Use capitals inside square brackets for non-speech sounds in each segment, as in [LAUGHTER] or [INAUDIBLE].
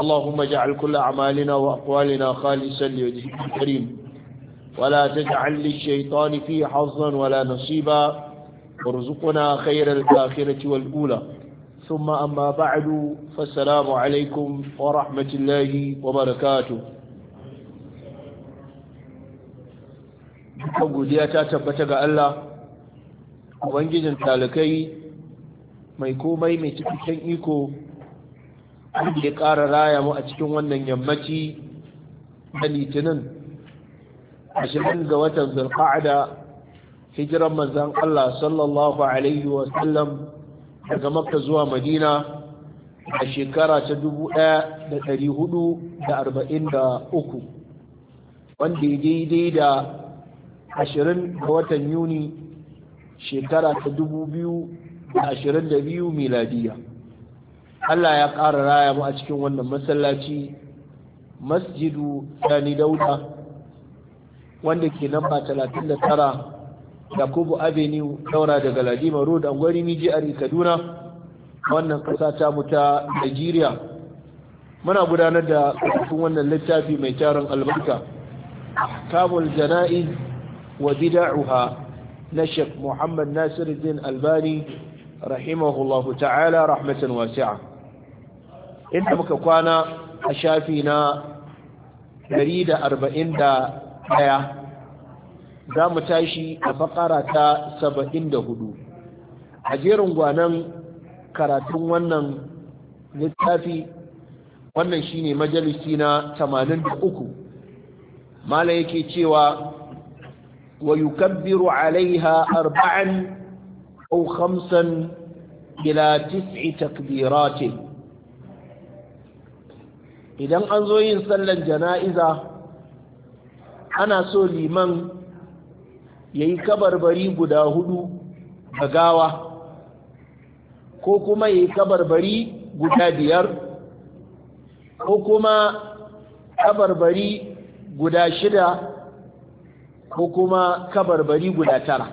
اللهم اجعل كل أعمالنا وأقوالنا خالصا لوجهك الكريم ولا تجعل للشيطان فيه حظا ولا نصيبا وارزقنا خير الآخرة والأولى ثم أما بعد فالسلام عليكم ورحمة الله وبركاته godiya ta tabbata ga Allah ubangijin talakai mai komai mai cikakken iko wanda ya ƙara raya mu a cikin wannan yammaci da litinin ashirin ga watan zulqa'ada hijiran manzan Allah sallallahu alaihi wa sallam daga makka zuwa madina a shekara ta dubu ɗaya da ɗari hudu da arba'in da uku wanda ya daidai da ashirin ga watan yuni shekara ta dubu biyu da ashirin da biyu miladiya Allah ya ƙara raya mu a cikin wannan masallaci masjidu dani dauda wanda ke namba 39 yakubu avenue daura daga ladima road angwari miji a kaduna wannan ƙasa ta muta nigeria muna gudanar da kasafin wannan littafi mai tarin albarka kabul jana'iz wa bida'uha na sheikh muhammad nasiruddin albani rahimahullahu ta'ala rahmatan wasi'a inda muka kwana a shafi na 141 za mu tashi a bakara ta 74 a jerin gwanan karatun wannan littafi wannan shine majalisi na 83 mala yake cewa ويكبر عليها أربعا أو خمسا إلى تسع تكبيرات idan an zo yin sallan jana'iza ana so liman ya yi kabarbari guda hudu da gawa ko kuma ya yi kabarbari guda biyar ko kuma kabarbari guda shida ko kuma kabarbari guda tara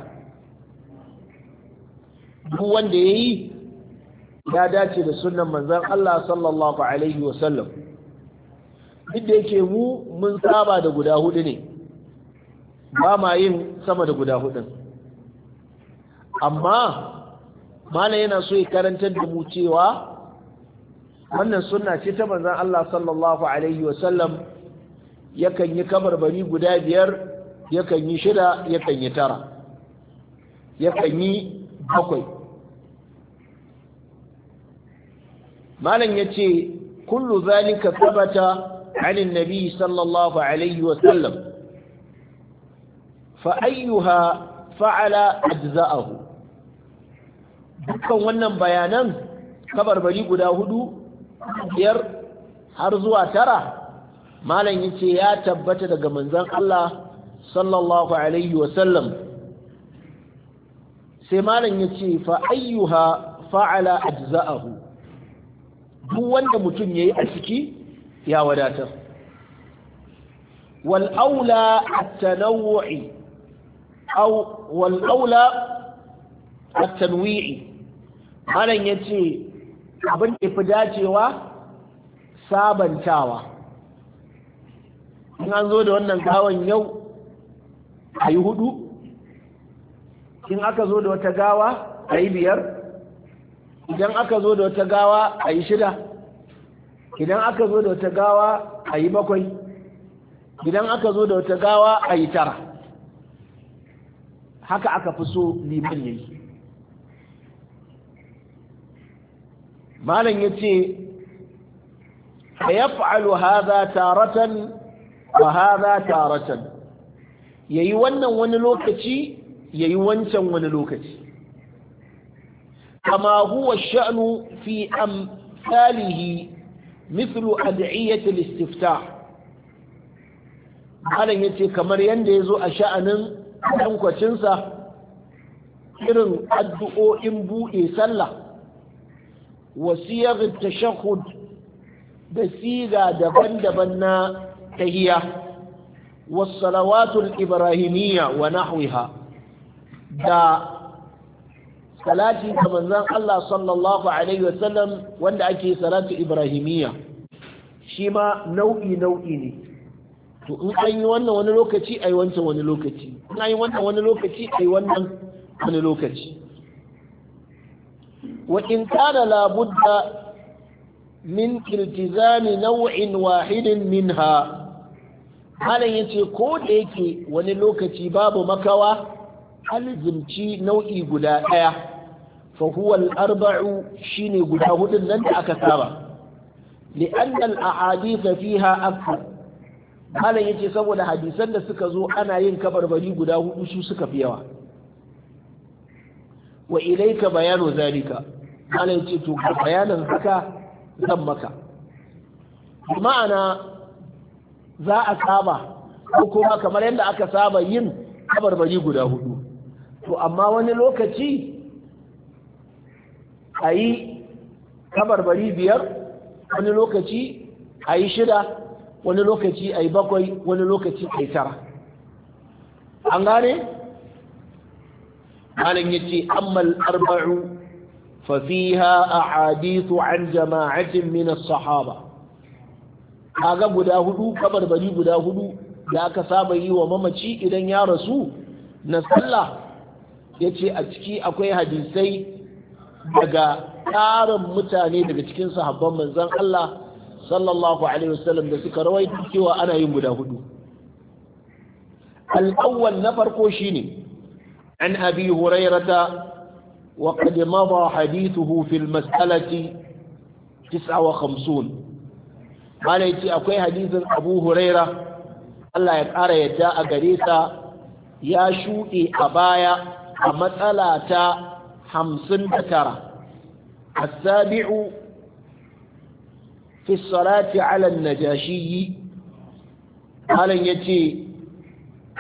duk wanda ya yi ya dace da sunan manzan Allah sallallahu Alaihi wasallam duk da yake mu mun saba da guda hudu ne ba ma yin sama da guda hudun amma malam yana so ya karantar da mu cewa wannan sunna ce ta manzon Allah sallallahu alaihi wasallam yakan yi kabarbari guda biyar yakan yi shida yakan yi tara yakan yi bakwai malam ya ce kullu zalika sabata عن النبي صلى الله عليه وسلم فأيها فعل أجزاءه dukkan wannan bayanan kabarbari guda hudu biyar har zuwa tara malam ya ce ya tabbata daga manzan Allah sallallahu alaihi wasallam sai malam ya ce ayyuha fa'ala ajza'ahu duk wanda mutum yayi a ciki ya wadatar wal aula at-tanawwu'i aw wal aula at-tanwi'i malan yace abin da fi dacewa sabantawa in an zo da wannan gawan yau a yi hudu in aka zo da wata gawa a yi biyar idan aka zo da wata gawa a yi shida idan aka zo da wata gawa a yi bakwai idan aka zo da wata gawa a yi tara haka aka fi so liman ya yi malam ya ce ya fa'alu haza taratan wa haza taratan ya yi wannan wani lokaci ya yi wancan wani lokaci kama huwa sha'nu fi amsalihi mithlu ad'iyatul istiftah malam yace kamar yadda ya zo a sha'anin tankwacin irin addu'o'in buɗe sallah wa siyar tashahhud da siga daban-daban na tahiyya was salawatul ibrahimiyya wa nahwiha da salati ga manzon Allah sallallahu alaihi wasallam wanda ake salatu ibrahimiyya shi ma nau'i nau'i ne to in an yi wannan wani lokaci ai wancan wani lokaci in an yi wannan wani lokaci ai wannan wani lokaci wa in kana la min iltizami nau'in wahidin minha malam yace ko da yake wani lokaci babu makawa alzimci nau'i guda ɗaya fa huwa al-arba'u shine guda hudun nan da aka saba li'anna al-ahadith fiha akthar malam yace saboda hadisan da suka zo ana yin kabarbari guda hudu su suka fi yawa wa ilayka bayanu zalika malam yace to bayanan haka zan maka ma'ana za a saba ko kuma kamar yadda aka saba yin kabarbari guda hudu to amma wani lokaci a yi kabarbari biyar wani lokaci a yi shida wani lokaci a yi bakwai wani lokaci a yi tara an gane? malam ya ce ammal arba'u fafiha a hadithu an jama'atin minas sahaba kaga guda hudu kabarbari guda hudu da aka saba yi wa mamaci idan ya rasu na sallah ya ce a ciki akwai hadisai daga ƙarin mutane daga cikin sahabban manzon Allah sallallahu alaihi wasallam da suka rawaito cewa ana yin guda hudu al-awwal na farko shine an abi hurairata wa qad mada hadithuhu fil mas'alati 59 yace akwai hadisin abu huraira Allah ya ƙara yadda a gare sa ya shuɗe a baya a matsala ta hamsin da tara السابع في الصلاة على النجاشي قال يتي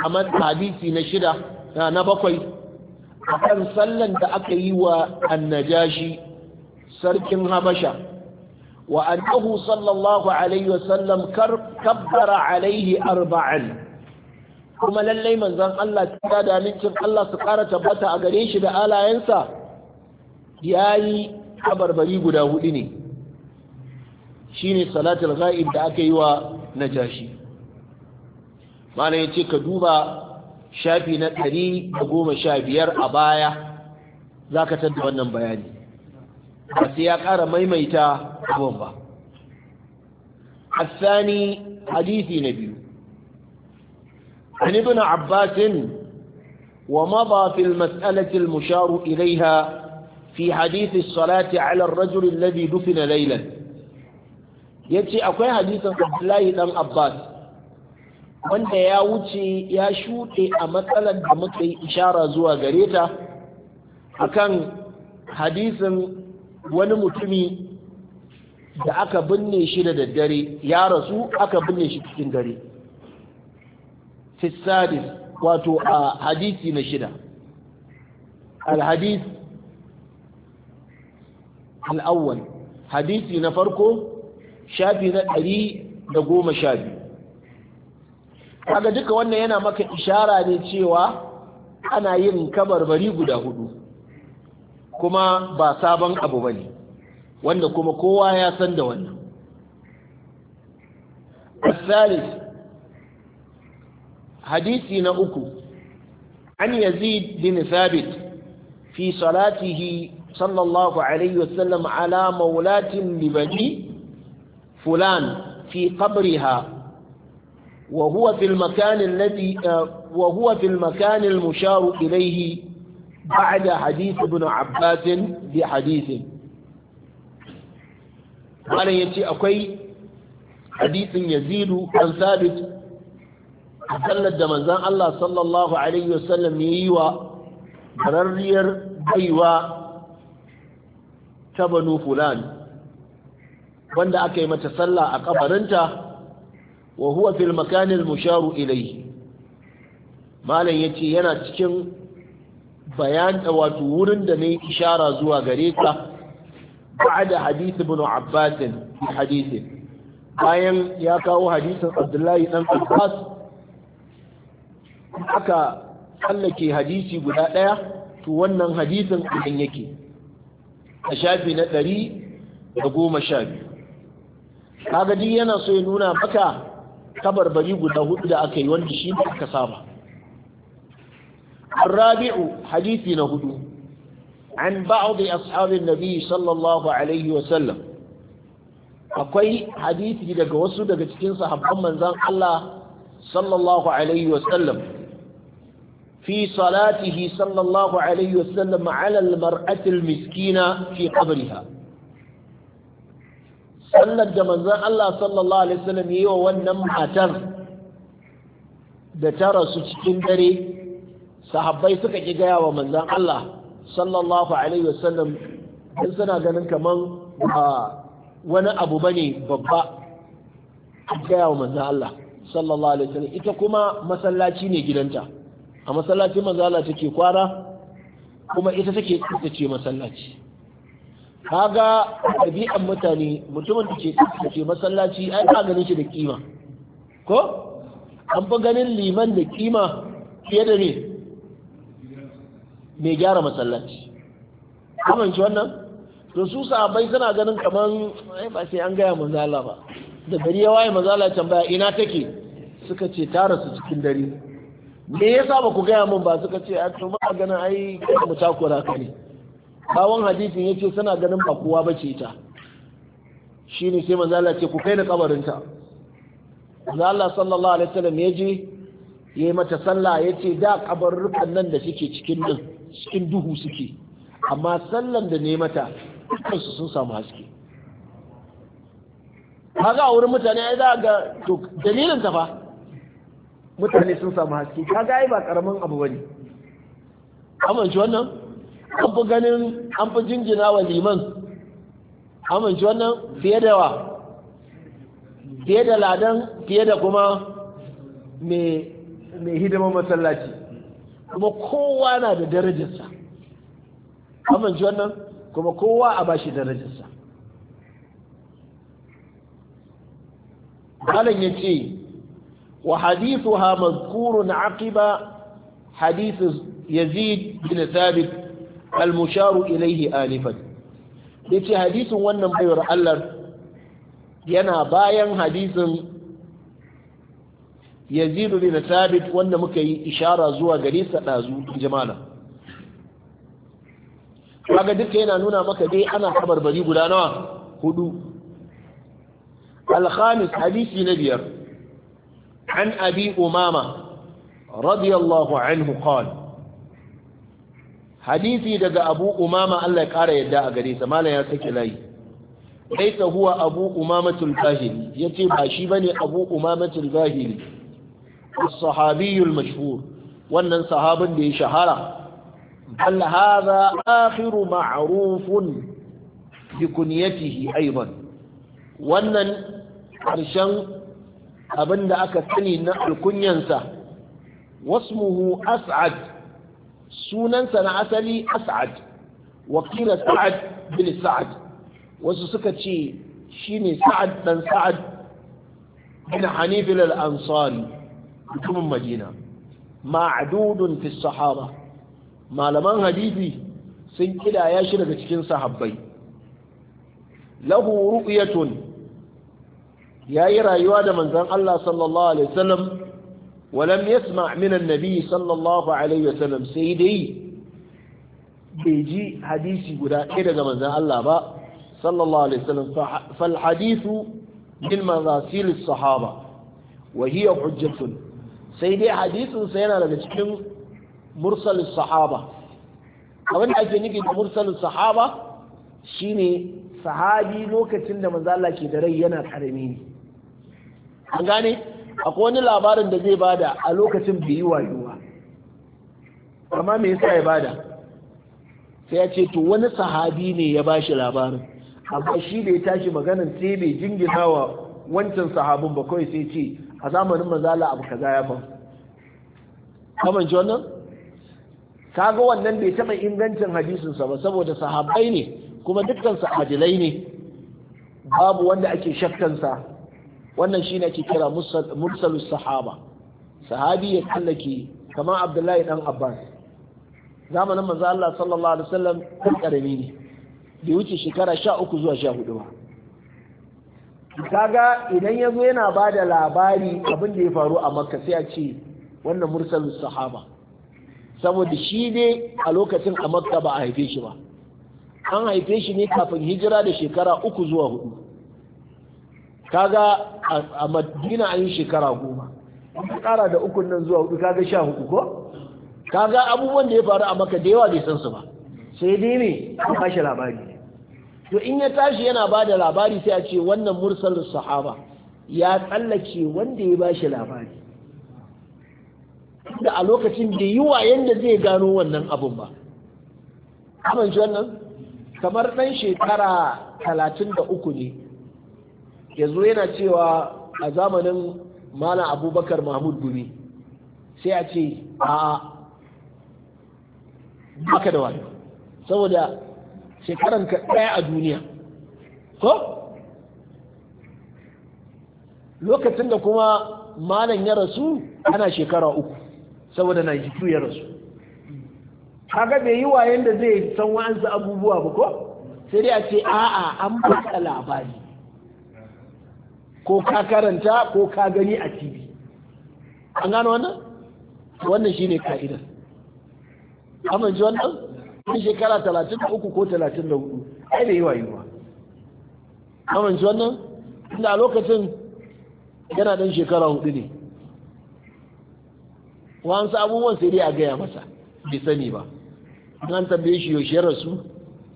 أمد حديثي نشرة نبقي أكن صلى دعكي والنجاشي سرك هبشة وأنه صلى الله عليه وسلم كبر عليه أربعا kuma lallai manzon Allah ta da amincin Allah su ƙara tabbata a gare shi da alayensa ya yi abarbari guda hudu ne shine salatul ghaib da aka yi wa najashi mana ya ce ka duba shafi na ɗari da goma sha biyar a baya za ka tadda wannan bayani ba sai ya ƙara maimaita abin ba Sani, hadisi na biyu an ibn abbasin wa maba fil mas'alatil musharu ilaiha fi hadithi salati ala rajul alladhi dufina laylan yace akwai hadisin Abdullahi dan Abbas wanda ya wuce ya shuɗe a matsalar da muka yi ishara zuwa gare ta akan hadisin wani mutumi da aka binne shi da daddare ya rasu aka binne shi cikin dare fisadis wato a hadisi na shida al alhadis al'awwal hadisi na farko shafi na ɗari da goma sha biyu kaga duka wannan yana maka ishara ne cewa ana yin kabarbari guda hudu kuma ba sabon abu ba ne wanda kuma kowa ya san da wannan Hadisi na uku, an yazid bin ثابت fi salatihi صلى الله عليه وسلم على مولاة لبني فلان في قبرها وهو في المكان الذي وهو في المكان المشار إليه بعد حديث ابن عباس بحديث قال يتي أكوي حديث يزيد عن ثابت sallar da manzan Allah sallallahu Alaihi wasallam ya yi wa bararriyar baiwa ta banu fulan wanda aka yi mata sallah a kabarinta wa huwa fil makanil musharu ilayhi malam ce yana cikin bayan wato wurin da ne ishara zuwa gare ka ba'da hadith ibn abbas fi hadith bayan ya kawo hadisin abdullahi dan abbas aka tsallake hadisi guda daya to wannan hadisin idan yake a shafi na ɗari da goma sha biyu kaga yana so ya nuna baka kabarbari guda hudu da aka yi wanda shi ne aka saba Rabi'u حديث na عن بعض أصحاب النبي صلى الله عليه وسلم akwai hadisi daga wasu daga cikin sahabban manzon Allah sallallahu alaihi في صلاته صلى الله عليه وسلم على المرأة المسكينة في قبرها sallar da manzan Allah sallallahu Alaihi wasallam yi wa wannan matar da ta rasu cikin dare sahabbai suka ƙi gaya wa manzan Allah sallallahu Alaihi wasallam in suna ganin kaman wani abu ba ne babba gaya wa manzan Allah sallallahu Alaihi wasallam ita kuma masallaci ne gidanta. a masallacin manzala take kwara kuma ita take tsaftace masallaci kaga ɗabi'an mutane mutumin da ke tsaftace masallaci ai ka ganin shi da kima ko an fi ganin liman da kima fiye da ne mai gyara masallaci kamanci wannan to su sahabbai suna ganin kaman ai ba sai an gaya manzala ba da gari ya waye manzala tambaya ina take suka ce tara su cikin dare me yasa ba ku gaya min ba suka ce a to ba ganin ai mu takura ka ne bawon hadisin yace suna ganin ba kowa bace ta shine sai manzo Allah ce ku kai ni kabarinta manzo Allah sallallahu alaihi wasallam ya je yayi mata sallah yace da kabarrukan nan da suke cikin nan cikin duhu suke amma sallan da ne mata su sun samu haske kaga a wurin mutane ai za ga to dalilin ta fa mutane sun samu haske kaga ai ba karamin abu bane amince wannan an fi ganin an fi jinjina wa liman amince wannan fiye da wa fiye da ladan fiye da kuma mai hidimar masallaci kuma kowa na da darajarsa amince wannan kuma kowa a bashi darajarsa malam ya ce وحديثها مذكور عقب حديث يزيد بن ثابت المشار إليه آلفا لكي حديث ونم أيضا ألر ينا بايا حديث يزيد بن ثابت ونم كي إشارة زوى قريسة لازو جمالا kaga duka yana nuna maka dai ana kabarbari guda nawa hudu al hadisi na biyar عن أبي أمامة رضي الله عنه قال حديثي دقى أبو أمامة الله قال يدعى قريسة ما لا يسك إليه ليس هو أبو أمامة الباهلي يتيب عشيبني أبو أمامة الباهلي الصحابي المشهور وأن صحابا به شهرة بل هذا آخر معروف بكنيته أيضا وأن عرشان Abin da aka sani na alkunyansa wasmuhu as'ad sunansa na asali as'ad wakila sa'ad bin sa'ad wasu suka ce shine sa'ad dan sa'ad bin hanif al-ansari mutumin madina ma'dudun fi malaman hadisi sun kidaya shi daga cikin sahabbai lahu ru'yatun ya yi rayuwa da manzan Allah sallallahu alaihi wasallam walam yasma' min annabi sallallahu alaihi wasallam sai dai bai ji hadisi guda ɗaya daga manzan Allah ba sallallahu alaihi wasallam fal hadithu min marasil sahaba wa hiya hujjatun sai dai hadisin sai yana daga cikin mursal sahaba abin da ake nufi da mursal sahaba shine sahabi lokacin da manzala ke da rai yana karami ne an gane akwai wani labarin da zai bada a lokacin biyu yi wayuwa amma me yasa ya bada sai ya ce to wani sahabi ne ya ba shi labarin amma shi bai ya tashi maganan sai bai jingina wa wancan sahabin ba kawai sai ce a zamanin mazala abu kaza ya ban. kaman ji wannan kaga wannan bai taba ingancin hadisinsa ba saboda sahabai ne kuma dukkan su adilai ne babu wanda ake shakkansa wannan shine ake kira mursalu sahaba sahabi ya tallaki kamar abdullahi dan abbas zamanin manzo Allah sallallahu alaihi wasallam kan karami ne bai wuce shekara sha zuwa sha ba kaga idan yazo yana ba da labari abin da ya faru a makka sai a ce wannan Mursalu sahaba saboda shi ne a lokacin a makka ba a haife shi ba an haife shi ne kafin hijira da shekara uku zuwa hudu kaga a madina an yi shekara goma ka kara da ukun nan zuwa hudu kaga sha hudu ko kaga abubuwan da ya faru a maka da yawa bai san su ba sai dai ne an shi labari to in ya tashi yana ba da labari sai a ce wannan mursal sahaba ya tsallake wanda ya ba shi labari da a lokacin da yi wa yanda zai gano wannan abun ba kamar ɗan shekara talatin da uku ne yanzu yana cewa a zamanin malam abubakar mahmud gumi sai a ce a baka da wani saboda ka ɗaya a duniya ko lokacin da kuma malam ya rasu ana shekara uku saboda na jitu ya rasu kaga bai yi wayan da zai san wa'ansu abubuwa ba ko sai dai a ce a'a an baka labari ko ka karanta ko ka gani a tv an gano wannan wannan shine ka'idar amince wannan tun shekara 33 ko 34 ai da yawa yawa amince wannan tun a lokacin yana dan shekara hudu ne wa'ansu abubuwan sai dai a gaya masa bai sani ba an tambaye shi yaushe rasu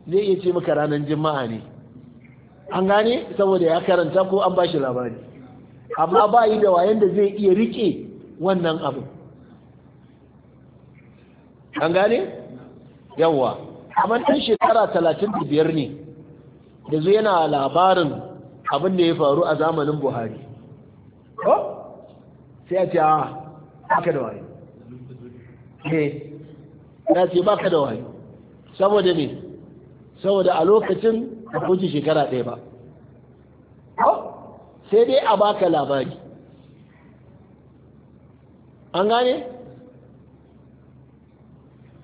zai iya ce maka ranar jima'a ne an gane saboda ya karanta ko an bashi labari amma ba yi da wayan da zai iya rike wannan abu an gane yawwa amma ɗan shekara talatin da biyar ne da zai yana labarin abin da ya faru a zamanin buhari ko sai a ce ah, a haka da wayo ne eh, ya ce baka da wayo saboda ne saboda a lokacin ba wuce shekara ɗaya ba sai dai a baka labari an gane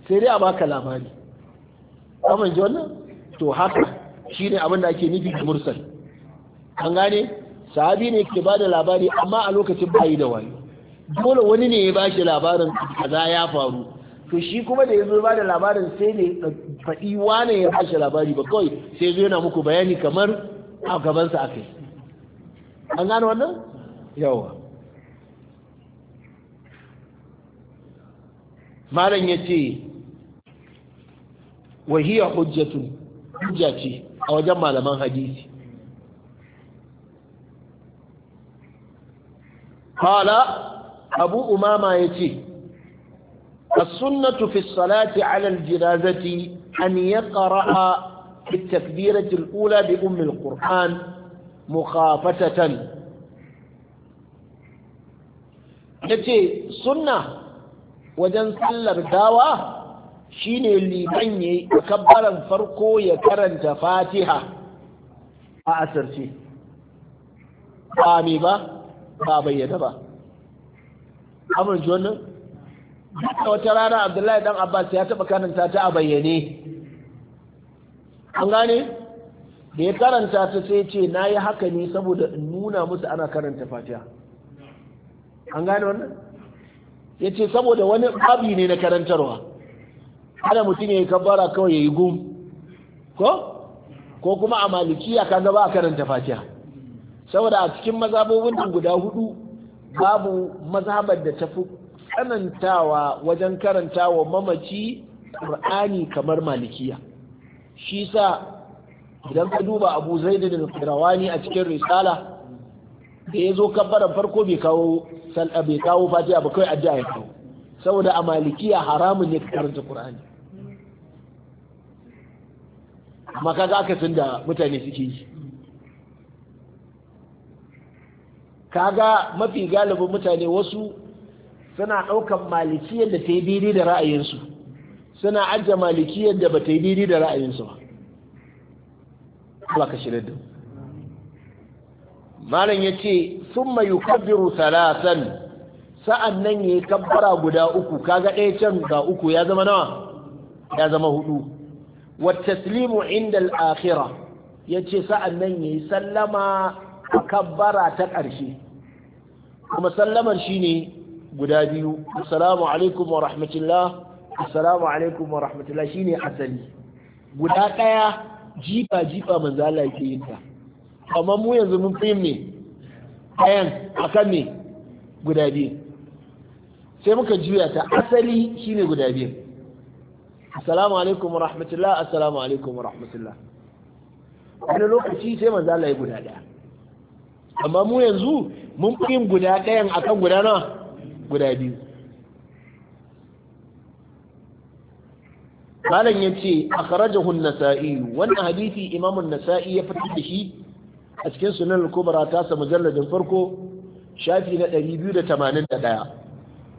sai dai a baka labari amince wannan to haka shi ne abinda ake nufi da mursal an gane sahabi ne ke ba da labari amma a lokacin bayi da wani dole wani ne ya ba shi labarin kaza ya faru to shi kuma da ya zo ba da labarin sai ne faɗi wane ya bashi labari ba kawai sai zo yana muku bayani kamar a gabansa a kai an gano wannan yawa malam ya ce wahiyar hujjatun hujja ce a wajen malaman hadisi Hala abu umama ya ce السنة في الصلاة على الجنازة أن يقرأ بالتكبيرة الأولى بأم القرآن مخافتة yace sunna wajen sallar dawa shine liman ya kabbaran farko ya karanta fatiha a asirce ba mai ba ba bayyana ba wata rana abdullahi dan abbas ya taɓa karanta ta a bayyane an gane da ya karanta ta sai ce na yi haka ne saboda in nuna musu ana karanta fatiha an gane wannan ya ce saboda wani babi ne na karantarwa ana mutum ya yi kabbara kawai ya yi gum ko ko kuma a malikiya kaga ba a karanta fatiha saboda a cikin mazabobin guda hudu babu mazhabar da ta fi tsanantawa wajen karantawa mamaci ƙur'ani kamar malikiya shi sa idan ka duba abu zaid da firawani a cikin risala da ya zo kabbaran farko bai kawo bai kawo fatiha ba kai ajiya ya kawo saboda a malikiya haramun ne karanta qur'ani amma kaga akasin da mutane suke yi kaga mafi galibin mutane wasu suna ɗaukan malikiyar da ta yi daidai da ra'ayinsu suna ajiye malikiyar da ba ta yi daidai da ra'ayinsu ba ka da malam ya ce sun mai yukabbiru salasan sa'an nan ya yi kabbara guda uku kaga ɗaya can ga uku ya zama nawa ya zama hudu wataslimu inda al'akhira ya ce sa'an nan ya yi sallama a kabbara ta ƙarshe kuma sallamar shi ne guda biyu assalamu alaikum wa rahmatullah assalamu alaikum wa rahmatullah shine asali guda ɗaya jifa jifa manzo Allah yake yin ta amma mu yanzu mun fi me ɗayan akan me guda biyu sai muka juya ta asali shine guda biyu assalamu alaikum wa rahmatullah assalamu alaikum wa rahmatullah wani lokaci sai manzo Allah ya guda ɗaya amma mu yanzu mun fi guda ɗayan akan guda nawa guda biyu malam ya ce a karajahun nasa'i wannan hadithi imamun nasa'i ya fitar da shi a cikin sunan kubra ta sa mujalladin farko shafi na 281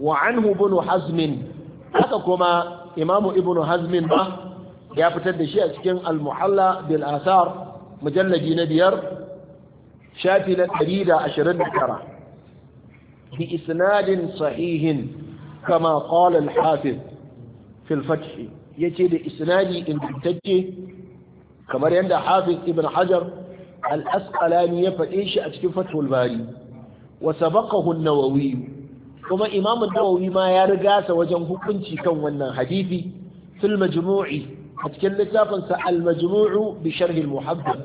wa anhu ibn hazmin haka kuma imamu ibn hazmin ba ya fitar da shi a cikin al-muhalla bil asar mujallaji na biyar shafi na 129 bi isnadin sahihin kama qalal hafiz fil yace da isnadi ingantacce kamar yadda hafiz ibn hajar al asqalani ya fade shi a cikin fathul bari wa sabaqahu an kuma Imamin an ma ya riga sa wajen hukunci kan wannan hadisi fil majmu'i a cikin littafin sa al majmu'u bi sharh al muhaddath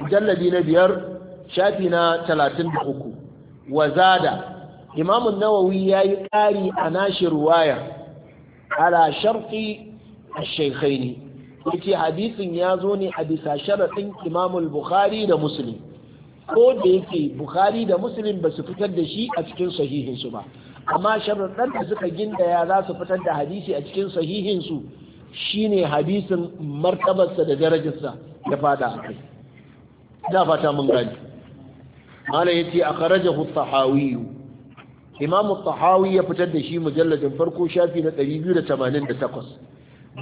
مجلد [COUGHS] shafi na talatin da uku, wa zada imamun nawawi ya yi ƙari a nashi ruwaya ala sharfi a shaykhaini yace hadisin ya zo ne a bisa sharaɗin imamul bukhari da musulun. ko da yake bukhari da musulun ba su fitar da shi a cikin sahihinsu ba amma sharaɗin da suka gindaya za su fitar da hadisi a cikin sahihinsu shi ne hadisin martabarsa da darajarsa ya fada a kai da fata mun gani mala ya ce a tahawi imam at ya fitar da shi mujalladin farko shafi na 288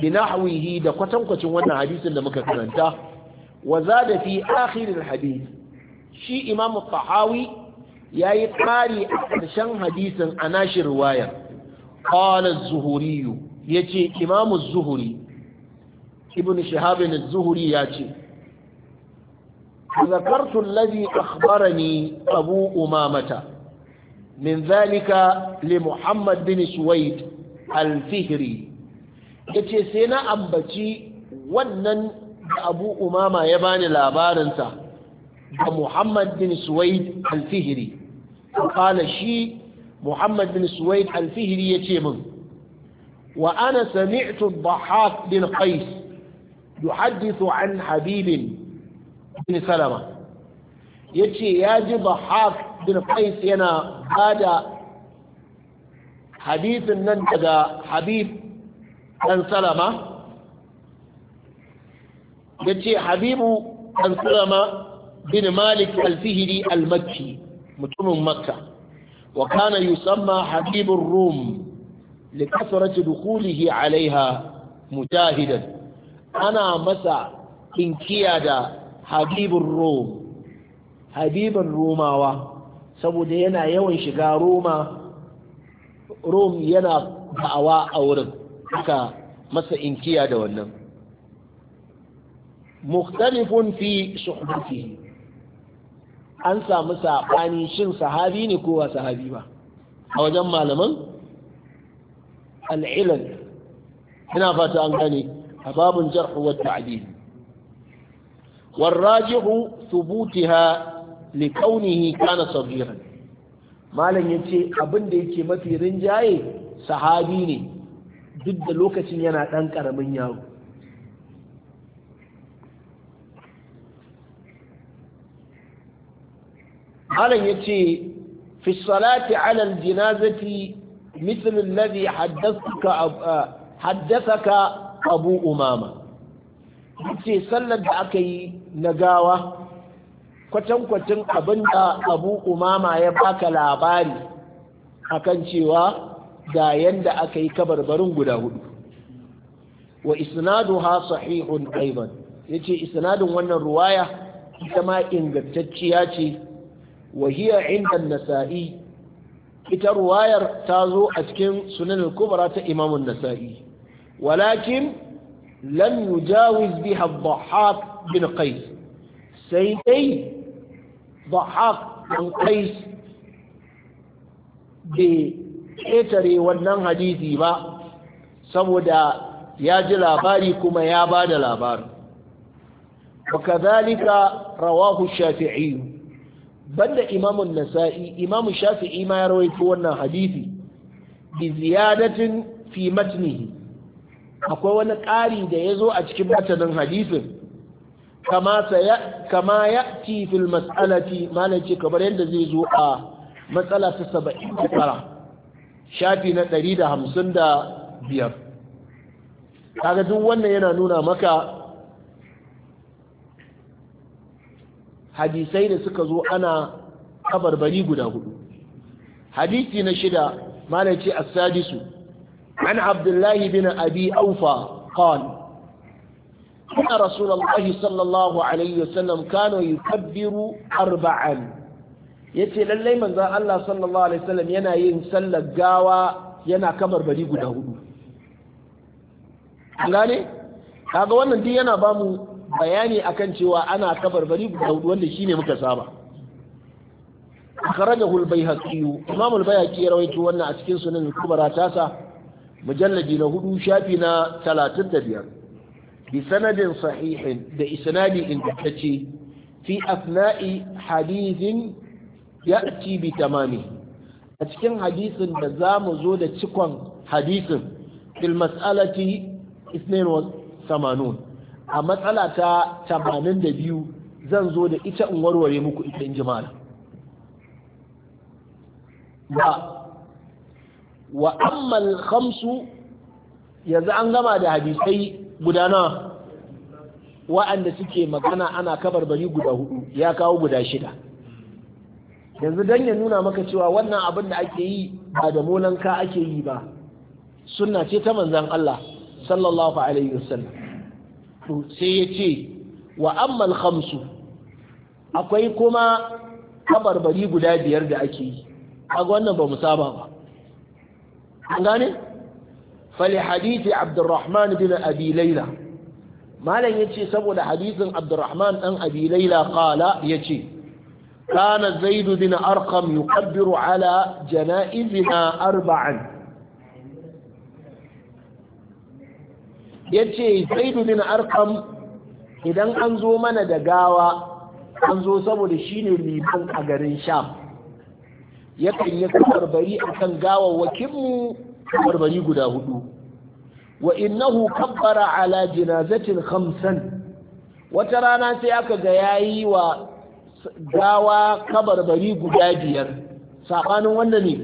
binahwihi da kwatankwacin wannan hadisin da muka karanta wa zada fi akhir al shi imam at ya yayi ƙari a ƙarshen hadisin a nashi riwayar qala az ya yace imam az-zuhuri ibn shihab az ya yace فذكرت الذي أخبرني أبو أمامة من ذلك لمحمد بن سويد الفهري yace sai na ambaci wannan da abu umama ya bani labarinsa da muhammad bin suwaid alfihiri kala shi muhammad bin suwaid alfihiri ya ce min wa ana sami'tu dhahak bin qais yuhaddithu an habibin bin salama ya ce ya ji bahaf bin qais yana bada da hadithin nan daga habib dan salama ya ce habibu dan salama bin malik alfihiri almakki mutumin makka wa kana yusamma habibur rum likasarati dukulihi alaiha mutahidan ana masa inkiya da habibun rom habiban romawa saboda yana yawan shiga roma rom yana ba'awa a wurin aka masa inkiya da wannan mukhtalifun fi suhbatihi an samu saɓani shin sahabi ne ko sahabi ba a wajen malaman al'ilal ina fata an gane a babin jarhu wa والراجح ثبوتها لكونه كان صغيرا malam ya ce abin da yake mafi rinjaye sahabi ne duk da lokacin yana ɗan ƙaramin yaro malam ya ce fi salati alal jinazati مثل الذي حدثك أب... حدثك أبو ce sallar da aka yi na gawa kwatankwatin abin da abu umama ya baka labari akan cewa ga yanda aka yi kabarbarin guda hudu wa ha sahihun aiban yace isnadin wannan ruwaya ita ma ingantacciya ce wa hiya inda nasa'i ita ruwayar ta zo a cikin sunan kubra ta imamun nasa'i walakin Lan yujawiz biha dhahab bin qais sai dai dhahab bin qais bai ƙetare wannan hadisi ba saboda ya ji labari kuma ya ba da labarin wakazalika rawahu shafi'i banda imamun nasa'i imamun shafi'i ma ya rawaito wannan hadisi bi ziyadatin fi matnihi akwai wani ƙari da ya zo a cikin matanin hadisin kama ya ti fil matsalati malace kamar yadda zai zo a matsala ta saba'in da tara shafi na ɗari da hamsin da biyar kaga duk wannan yana nuna maka hadisai da suka zo ana kabarbari guda hudu hadisi na shida malace a sadisu عن عبد الله بن أبي أوفى قال إن رسول الله صلى الله عليه وسلم كان يكبر أربعا yace lallai manzon Allah sallallahu alaihi wasallam yana yin sallar gawa yana kamar bari guda hudu gane kaga wannan duk yana bamu bayani bayani akan cewa ana kabar bari guda hudu wanda ne muka saba akhrajahu al-bayhaqi imam al-bayhaqi ya rawaito wannan a cikin sunan al tasa mujalladi na hudu shafi na talatin da biyar bi sanadin sahihin da isnadi ingantacce fi afna'i hadithin ya'ti bi tamami a cikin hadisin da za mu zo da cikon hadisin fil mas'alati 82 a matsala ta biyu zan zo da ita in warware muku ita in ba wa ammal khamsu yanzu an gama da hadisai guda nawa wa'anda suke magana ana kabarbari guda hudu ya kawo guda shida yanzu dan ya nuna maka cewa wannan abin da ake yi ba da molanka ake yi ba sunna ce ta manzan Allah sallallahu alaihi wasallam sai ya ce wa ammal khamsu akwai kuma kabarbari guda biyar da ake yi kaga wannan ba mu saba ba an gane fali hadisi abdurrahman bin abi laila malam yace saboda hadisin abdurrahman dan abi laila qala yace kana Zaidu bin arqam yuqabbiru ala janaizina arba'an yace Zaidu bin arqam idan an zo mana da gawa an zo saboda shine liman a garin sham yakan yi kabarbari a kan gawawwakinmu kabarbari guda hudu wa innahu kabbara ala jinazatin khamsan wata rana sai aka ga yayi wa gawa kabarbari guda biyar sabanin wanda ne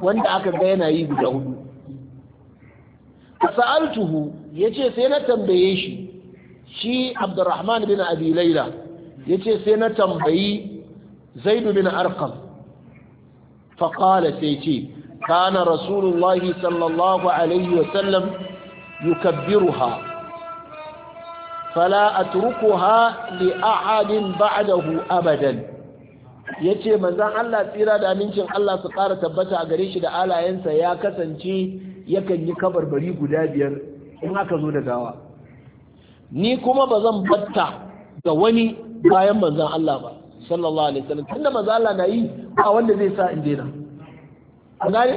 wanda aka ga yana yi guda hudu sa'altuhu yace sai na tambaye shi shi abdurrahman bin abi laila yace sai na tambayi zaidu bin arqam faƙala sai ce kana rasulullahi sallallahu alaihi wasallam yukabbiruha fala atrukuha li ahadin ba'dahu abadan yace manzon Allah tsira da amincin Allah su ƙara tabbata a gare shi da alayensa ya kasance yakan yi kabarbari guda biyar in aka zo da gawa ni kuma ba zan batta ga wani bayan manzon Allah ba sallallahu alaihi wasallam tunda manzo Allah na yi ba wanda zai sa in daina A gane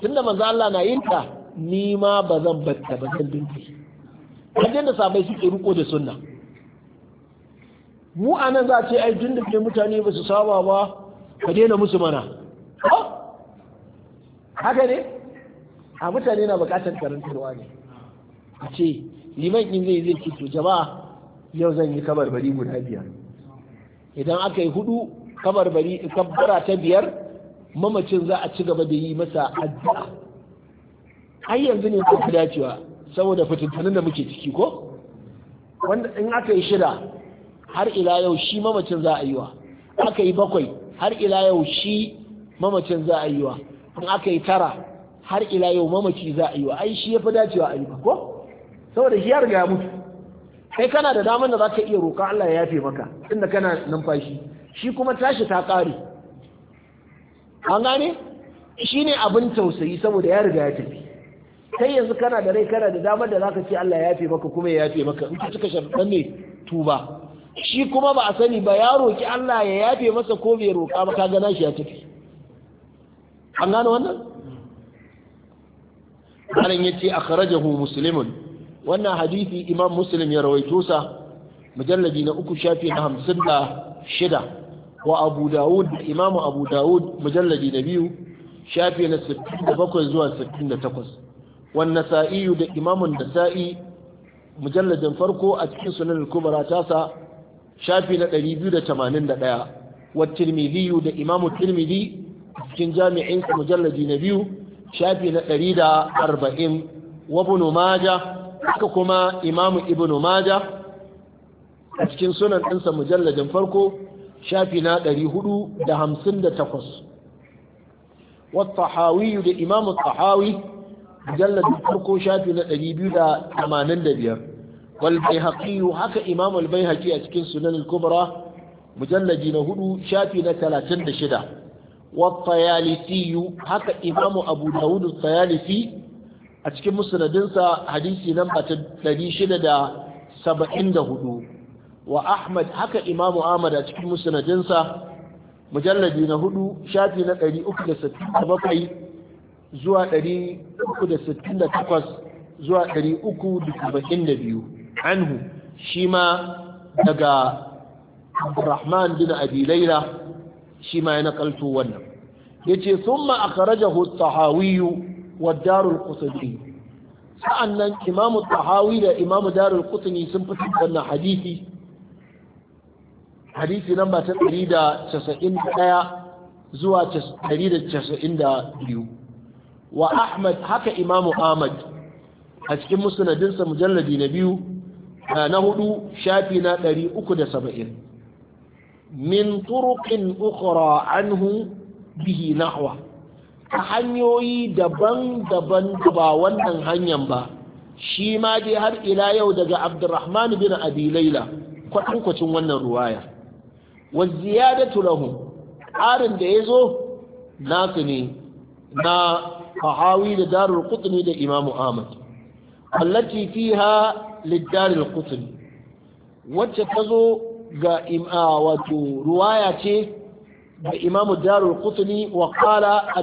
tunda manzo Allah na yin ta ni ma ba zan batta ba zan dinki kaje da sabai suke riko da sunna mu anan za ce ai tunda ke mutane ba su saba ba ka daina musu mana haka ne a mutane na bukatar karantarwa ne a ce liman in zai zai to jama'a yau zan yi kamar bari guda biyar idan aka yi hudu kabarbari kabbara ta biyar mamacin za a ci gaba da yi masa addu'a har yanzu ne ku dacewa saboda fitintunan da muke ciki ko wanda in aka yi shida har ila yau shi mamacin za a yi wa aka yi bakwai har ila yau shi mamacin za a yi wa in aka yi tara har ila yau mamaci za a yi wa ai shi ya fi dacewa a yi ko saboda shi ya riga mutu kai kana da damar da za ka iya roƙa Allah ya yafe maka inda kana numfashi shi kuma tashi ta ƙare an gane shi ne abin tausayi saboda ya riga ya tafi kai yanzu kana da rai kana da damar da za ka ce Allah ya yafe maka kuma ya yafe maka in ka cika sharɗan ne tuba shi kuma ba a sani ba ya roƙi Allah ya yafe masa ko bai roƙa ba ka gana shi ya tafi an gane wannan Malam ya ce a kharajahu muslimun wannan hadisi imam muslim ya rawaito sa mujallabi na uku shafi na hamsin da shida wa abu dawud imamu abu dawud mujallabi na biyu shafi na sittin da bakwai zuwa sittin da takwas wannan sa'iyu da imamun da sa'i mujalladin farko a cikin sunan kubra tasa shafi na ɗari biyu da tamanin da ɗaya wa tirmidhiyu da imamu tirmidhi cikin jami'in mujalladi na biyu shafi na ɗari da arba'in wa bunu maja haka kuma imamu ibn maja a cikin sunan ɗinsa mujalladin farko shafi na 458 wattahawi da imamu tahawi mujalladin farko shafi na 285 wal bayhaqi haka imamu Albai bayhaqi a cikin sunan kubra mujalladi na hudu shafi na 36 والطيالسي haka imamu abu داود tayalisi. a cikin musnadinsa hadisi nan ba ta 674 wa Ahmad haka Imam Ahmad a cikin musnadinsa mujalladi na hudu shafi na 367 zuwa 368 zuwa 372 anhu shi ma daga Abdurrahman bin Abi Laila shi ma ya nakalto wannan yace thumma akhrajahu at-Tahawi والدار القطني سأن إمام الطحاوي إمام دار القطني سنفس لنا حديثي حديثي نمبر تقريدا تسعين كايا زوا تقريدا تسعين ديو وأحمد حكى إمام أحمد أسكن مسنا دنسا مجلد نبيو نهد شافنا تري أكد سبعين من طرق أخرى عنه به نحوه ta hanyoyi daban-daban ba wannan hanyar ba shi ma dai har ila yau daga abdurrahman bin abi laila kwatankwacin wannan ruwaya wa da lahum ƙarin da ya zo nasu ne na fahawi da darul qutni da imamu ahmad allati fiha lidarul qutni wacce ta zo ga wato ruwaya ce da imamu darul kutuni wa kala a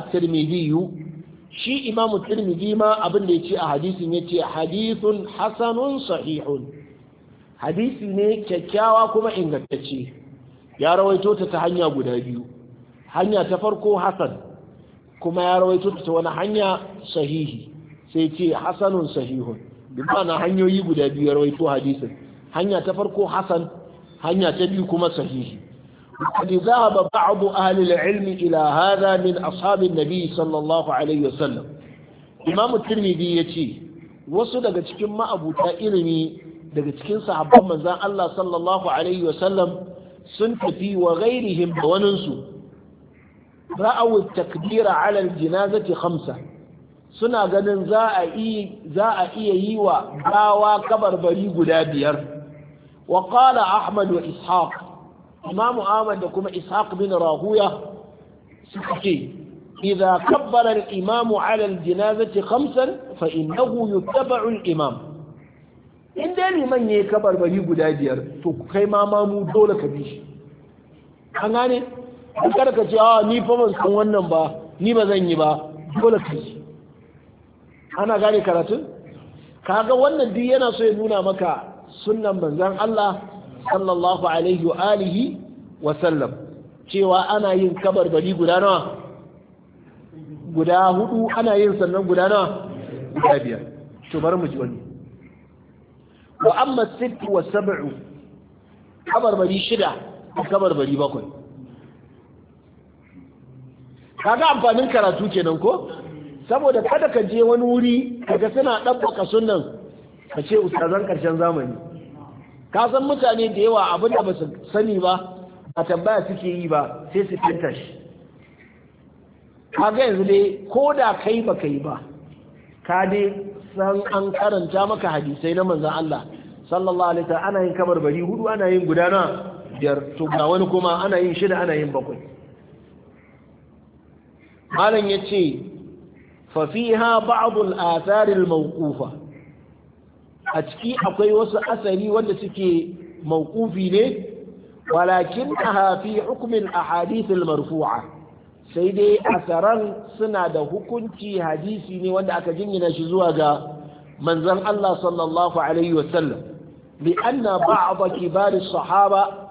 shi imamu tirmidi ma abin da ya ce a hadisin ya ce hadisun hasanun sahihun hadisi ne kyakkyawa kuma ingantacce ya rawaito ta ta hanya guda biyu hanya ta farko hasan kuma ya rawaito ta ta wani hanya sahihi sai ce hasanun sahihun duk hanyoyi guda biyu ya rawaito hadisin hanya ta farko hasan hanya ta biyu kuma sahihi قد ذهب بعض أهل العلم إلى هذا من أصحاب النبي صلى الله عليه وسلم إمام الترمذي يتي wasu daga cikin ma'abuta ilimi daga cikin sahabban manzan Allah sallallahu alaihi wasallam sun tafi wa ghairihim da waninsu ra'awu takbira Jina jinazati khamsa suna ganin za a iya yi wa kabar-bari guda biyar wa qala ahmad wa ishaq imamu ahmad da kuma ishaq bin rahuya suka ce idza kabbara al-imam ala al-janazati khamsan fa innahu yuttaba'u al-imam in dai liman yayi kabarbari guda biyar to kai ma mu dole ka bi shi an gane karka ce a ni fa ban san wannan ba ni ba zan yi ba dole ka ana gane karatun kaga wannan duk yana so ya nuna maka sunnan manzon Allah sallallahu alaihi wa alihi wa sallam cewa ana yin kabar bari guda nawa guda hudu ana yin sannan guda nawa guda biyar to bar mu ji wani wa amma sittu wa sab'u bari shida da bari bakwai kaga amfanin karatu kenan ko saboda kada ka je wani wuri kaga suna dabbaka sunan ka ce ustazan ƙarshen zamani ka san mutane da yawa abin da ba su sani ba a tambaya suke yi ba sai su fita shi kaga yanzu dai ko da kai ba kai ba ka dai san an karanta maka hadisai na manzan Allah sallallahu alaihi ana yin kamar bari hudu ana yin gudana biyar to ga wani kuma ana yin shida ana yin bakwai malam yace fa fiha ba'd al-athar al-mawqufa a ciki akwai wasu asari wanda suke mawqufi ne walakin fi hukmin ahadith marfua sai dai asaran suna da hukunci hadisi ne wanda aka jingina shi zuwa ga manzon Allah sallallahu alaihi wasallam bi anna ba'd kibar sahaba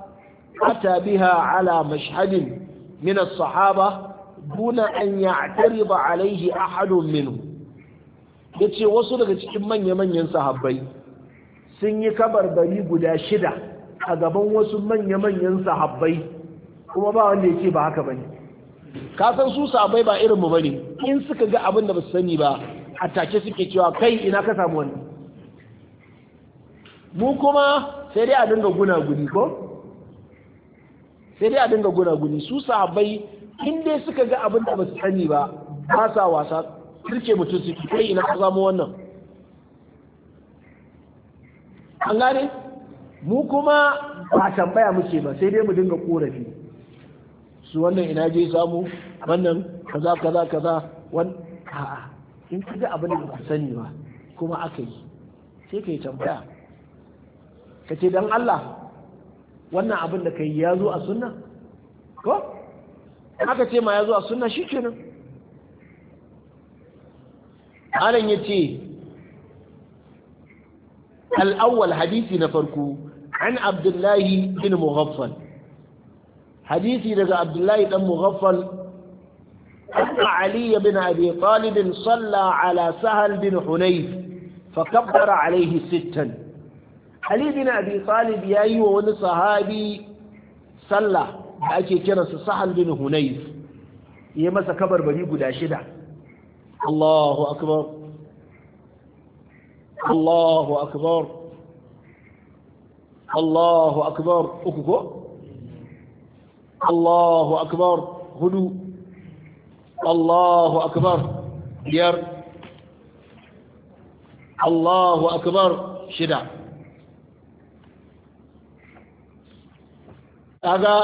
ata biha ala mashhadin min as-sahaba duna an ya'tariḍ alaihi ahadun minhum ya ce wasu daga cikin manya-manyan sahabbai sun yi kabarbari guda shida a gaban wasu manya-manyan sahabbai kuma ba wanda ya ce ba haka ba ka san su sahabbai ba irinmu ne in suka ga abin da ba su sani ba a take suke cewa kai ina ka samu wani mu kuma sai dai a dinga guna-guni ko sai dai a dinga guna-guni su sahabbai in dai suka ga abin da ba su sani ba ba sa wasa kirce mutum su kai ina ka samu wannan an gane mu kuma ba tambaya muke ba sai dai mu dinga korafi su wannan ina je samu wannan kaza kaza kaza wan a'a in kaga abin da ba sani ba kuma aka yi sai kai tambaya ka ce don Allah wannan abin da ka yi ya zo a sunna ko aka ce ma ya zo a sunna shi kenan Alan ya ce, Al’awwal hadisi na farko, an Abdullahi bin Mughaffal. Hadisi daga Abdullahi ɗan Mughaffal, ƙasa Aliyu bin Abi Talibin Salla ala Sahal bin Hunayf, fa kabbara alaihi sittan. Ali bin Abi ya yi wa wani sahabi Salla da ake kiransa Sahal bin Hunayf, ya masa kabar bari guda shida. الله أكبر الله أكبر الله أكبر أكبر الله أكبر هدوء الله أكبر ير الله أكبر شدع هذا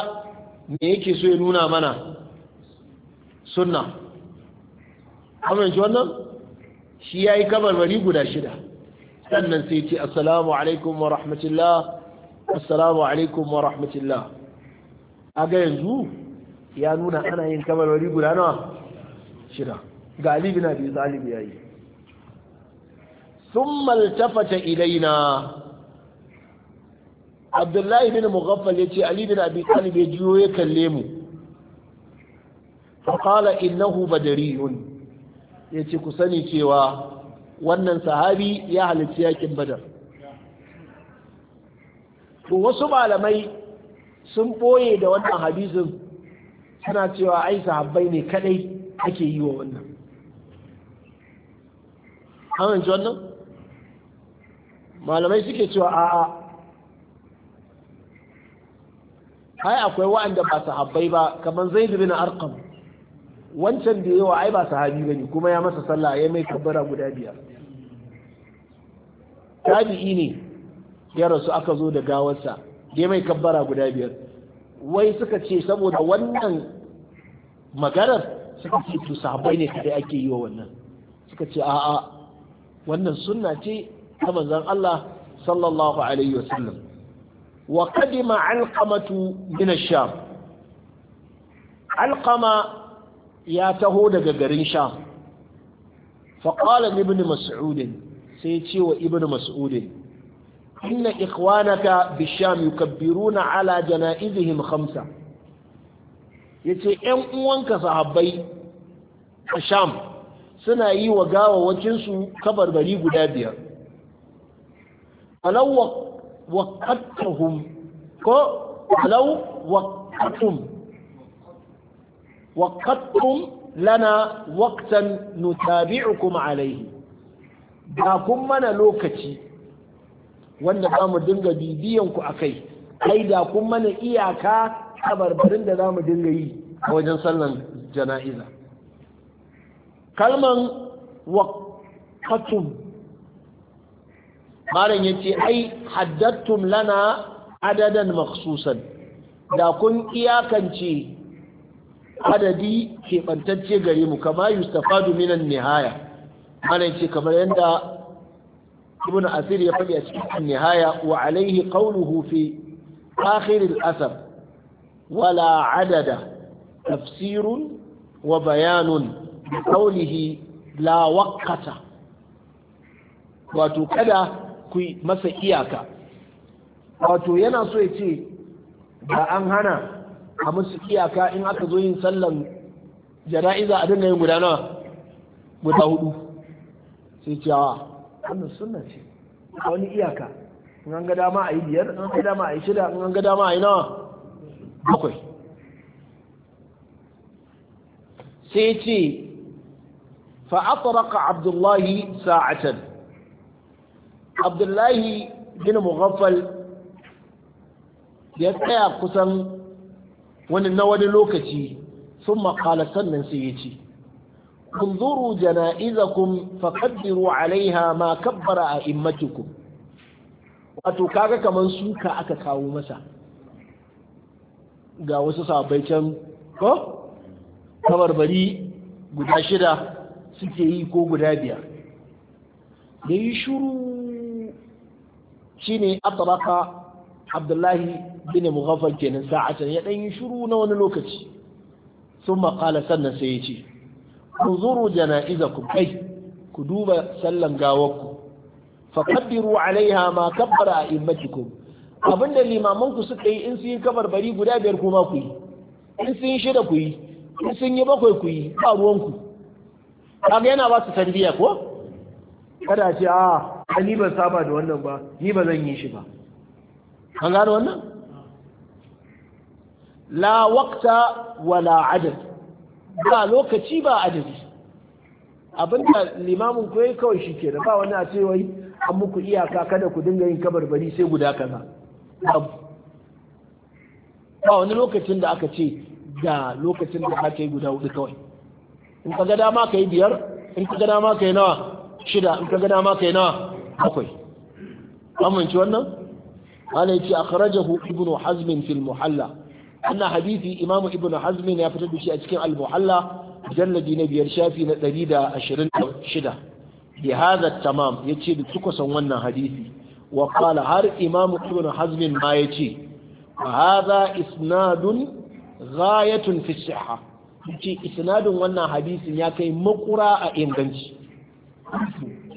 ميكي سوينونا منا سنة amin shi wannan shi ya yi kabarbari guda shida sannan sai ce assalamu alaikum wa rahmatullah assalamu alaikum wa rahmatullah a ga yanzu ya nuna ana yin kabarbari guda nawa shida galibi na biyu zalibi ya yi sun maltafata ilaina abdullahi bin mughaffal ya ce bin abin talib ya jiyo ya kalle mu fa qala innahu badariyun ya ce ku sani cewa wannan sahabi ya halitta yakin badar to wasu malamai sun ɓoye da wannan hadisin suna cewa ai sahabbai ne kadai ake yi wa wannan an ji wannan malamai suke cewa a'a ai akwai wa'anda ba sahabbai ba kamar zaid bin arqam wancan da yawa ai ba sahabi bane kuma ya masa sallah ya mai kabbara guda biyar tabi'i ne ya rasu aka zo da gawarsa ya mai kabbara guda biyar wai suka ce saboda wannan maganar suka ce to sahabbai ne kadai ake yi wa wannan suka ce a'a wannan sunna ce ta manzon Allah sallallahu alaihi wasallam wa qadima alqamatu min ash-sham alqama ya taho daga garin sha faƙalar ibn mas'udin sai ce wa ibn mas'udin inna ikwanaka bisham yukabbiruna ala jana'izihim khamsa yace 'yan uwanka sahabbai a sham suna yi wa gawa kabar kabarbari guda biyar alau waqattahum ko وقتتم لنا وقتا نتابعكم عليه da kun mana lokaci wanda zamu mu dinga bibiyanku a kai ai da kun mana iyaka a barbarin da zamu dinga yi a wajen sallan jana'iza kalman waqatum malam ya ce ai haddattum lana adadan maksusan da kun iyakance adadi keɓantacce gare mu kama yustafadu minan nihaya mana ce kamar yadda ibn asir ya faɗi a cikin nihaya wa alaihi qawluhu fi akhir al wala adada tafsirun wa bayanun qawlihi la waqata wato kada ku masa iyaka wato yana so ya ce ba an hana a musu iyaka in aka zo yin sallan jana'iza a dinga yin guda nawa guda hudu sai cewa wannan sunna ce a wani iyaka in an ga dama a yi biyar in an ga dama a yi shida in an ga dama a yi nawa bakwai sai ce fa atraqa abdullahi sa'atan abdullahi bin mughaffal ya tsaya kusan wani na wani lokaci sun maƙala sannan sai ya ce kunzuru jana'izakum faqaddiru alaiha ma kabbara a immatikum wato kaga kaman suka aka kawo masa ga wasu sabai can ko kabarbari guda shida suke yi ko guda biyar da yi shuru shine atraka abdullahi bin mughafal kenan sa'atan ya dan yi shiru na wani lokaci Sun qala sannan sai ya ce jana'iza janaizakum kai ku duba sallan gawarku. fa kaddiru alaiha ma kabbara a'immatikum abinda limamanku suka yi in sun yi kabarbari guda biyar kuma ku yi in sun yi shida ku yi in sun yi bakwai ku yi ba ruwanku kaga yana ba su tarbiyya ko kada ce a ah, ni ban saba da wannan ba ni ba zan yi shi ba an gano wannan la waqta wala adad ba lokaci ba adadi abinda limamin ku yayi kawai ke da ba wani a ce wai an muku iyaka kada ku dinga yin kabarbari sai guda kaza ba wani lokacin da aka ce ga lokacin da aka yi guda hudu kawai in ka ga dama ka yi biyar in ka ga dama ka yi nawa shida in ka ga dama ka yi nawa bakwai amince wannan ana yace akhrajahu ibnu hazm fil muhalla wannan hadisi imam ibn hazm ya fitar da shi a cikin al-muhalla jalladi na biyar shafi na 126 bi hadha tamam yace da san wannan hadisi wa qala har imam ibn hazm ma yace wa hadha isnadun ghayatun fi sihha yace isnadun wannan hadisin ya kai makura a inganci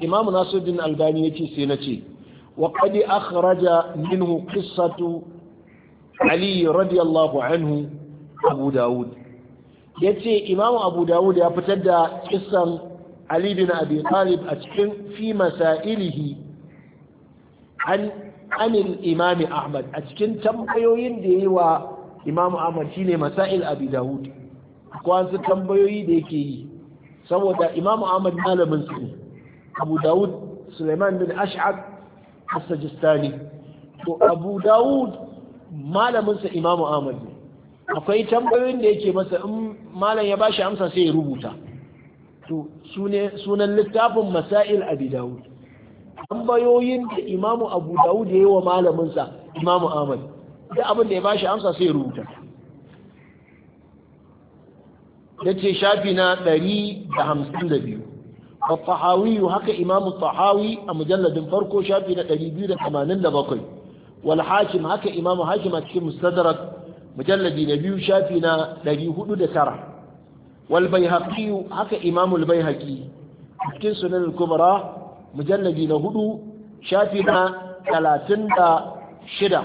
imam nasiruddin albani yace sai nace wa qad akhraja minhu qissatu ali radiyallahu anhu abu dawud ya ce imamu abu dawud ya fitar da kisan ali bin abi talib a cikin fi masailihi an anil imami ahmad a cikin tambayoyin da yi wa Imam ahmad shine masail abi dawud su tambayoyi da yake yi saboda Imam ahmad malamin su abu dawud Sulaiman bin ash'ab as-sajistani to abu dawud malaminsa imamu ahmad ne akwai tambayoyin da yake masa in malam ya bashi amsa sai ya rubuta to sunan littafin masail abi dawud tambayoyin da imamu abu dawud ya yi wa malaminsa imamu ahmad duk abin da ya bashi amsa sai ya rubuta da ce shafi na 152 wa tahawiyu haka imamu tahawi a mujalladin farko shafi na 287 wal haka imamu hakim a cikin mustadrak mujalladi na biyu shafi na 409 wal baihaqi haka imamu al baihaqi cikin sunan al kubra mujalladi na hudu shafi na shida.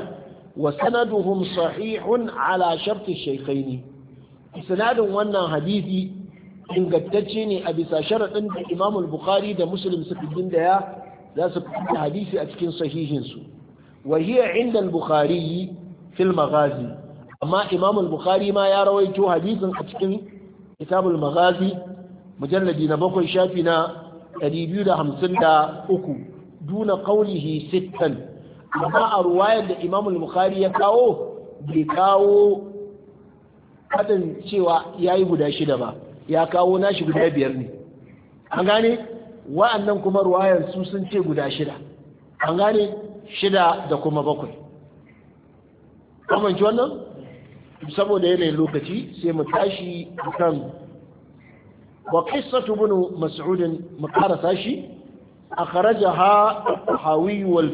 wa sanaduhum sahihun ala sharti shaykhaini sanadin wannan hadisi ingantacce ne a bisa sharaɗin imamul bukhari da muslim suka gindaya za su fi hadisi a cikin sahihinsu wa hiya inda al-bukhari fil maghazi amma imam al-bukhari ma ya rawaito hadisin a cikin kitab al-maghazi mujalladi na bakwai shafi na 253 duna qawlihi sittan amma a ruwayar da imam al-bukhari ya kawo bai kawo hadin cewa yayi guda shida ba ya kawo nashi guda biyar ne an gane wa'annan kuma ruwayar su sun ce guda shida an gane shida da kuma bakwai kamanci wannan saboda yanayin lokaci sai mu tashi kan wa qissatu bin mas'ud makarasa shi akhrajaha tahawi wal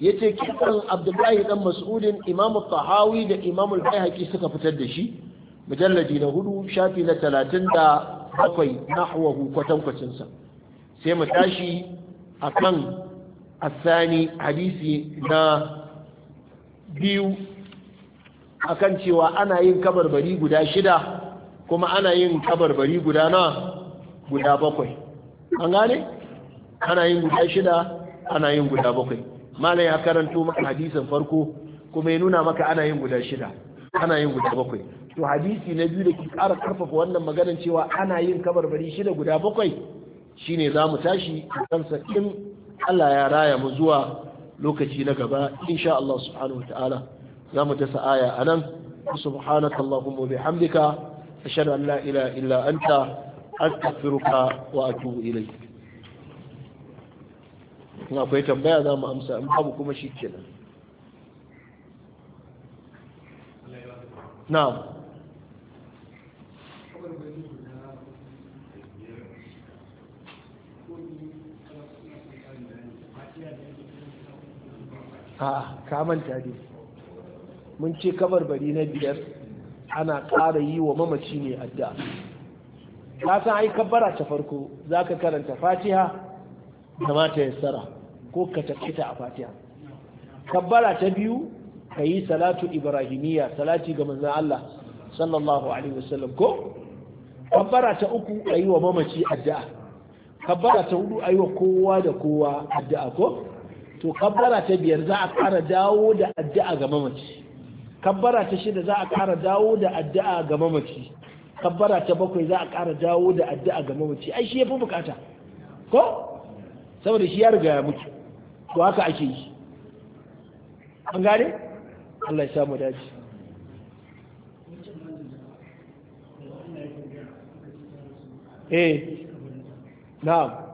ya ce kisan abdullahi dan mas'ud imam tahawi da imamul bai haƙi suka fitar da shi mujalladi na hudu shafi na talatin da na na hukwatan kwacinsa sai mu tashi a kan. الثاني حديثي نا بيو akan cewa ana yin kabarbari guda shida kuma ana yin kabarbari guda na guda bakwai an gane ana yin guda shida ana yin guda bakwai malai ya karanto maka hadisin farko kuma ya nuna maka ana yin guda shida ana yin guda bakwai to hadisi na biyu da ke ƙara karfafa wannan maganar cewa ana yin kabarbari shida guda bakwai shine za mu tashi kansa in Allah ya raya mu zuwa lokaci na gaba insha Allah subhanahu wa ta'ala za mu dasa aya a nan subhanaka allahumma bihamdika ashhadu an la ilaha illa anta astaghfiruka wa atubu ilayk in akwai tambaya za mu amsa in babu kuma shikenan na'am a ka manta ne mun ce bari na biyar ana ƙara yi wa mamaci ne adda ka san ai kabbara ta farko za ka karanta fatiha da mata yassara ko ka tafita a fatiha kabbara ta biyu ka yi salatu ibrahimiyya salati ga manzan Allah sallallahu alaihi wasallam ko kabbara ta uku a yi wa mamaci addu'a kabbara ta hudu a yi wa kowa da kowa addu'a ko to kabbara ta biyar za a kara dawo da addu'a ga mamaci kabbara ta shida za a kara dawo da addu'a ga mamaci kabbara ta bakwai za a kara dawo da addu'a ga mamaci ai shi ya fi bukata ko saboda shi ya riga ya mutu to haka ake yi an gane Allah ya samu dace eh na'am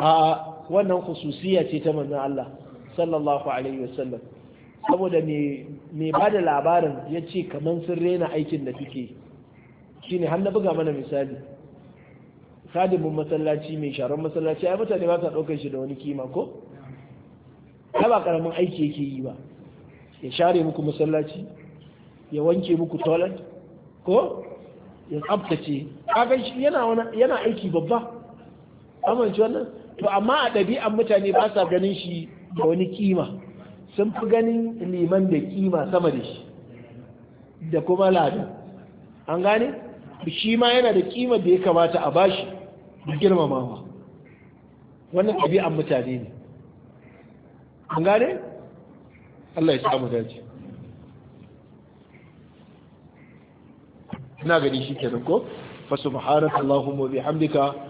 a wannan khususiya ce ta manzon Allah sallallahu alaihi wasallam saboda me ba da labarin ya ce kamar sun rena aikin da kike. shine har na buga mana misali khadimin masallaci mai sharon masallaci ai mutane ba ta ɗaukar shi da wani kima ko ka ba karamin aiki yake yi ba ya share muku masallaci ya wanke muku toilet ko ya tsabtace kaga shi yana aiki babba amince wannan to amma a ɗabi'an mutane ba sa ganin shi da wani kima sun fi ganin liman da kima sama da shi da kuma ladan an gane shi ma yana da kima da ya kamata a bashi da girmamawa wannan ɗabi'an mutane ne an gane Allah ya samu dace ina gani shi ke ko fa Allahumma wa bihamdika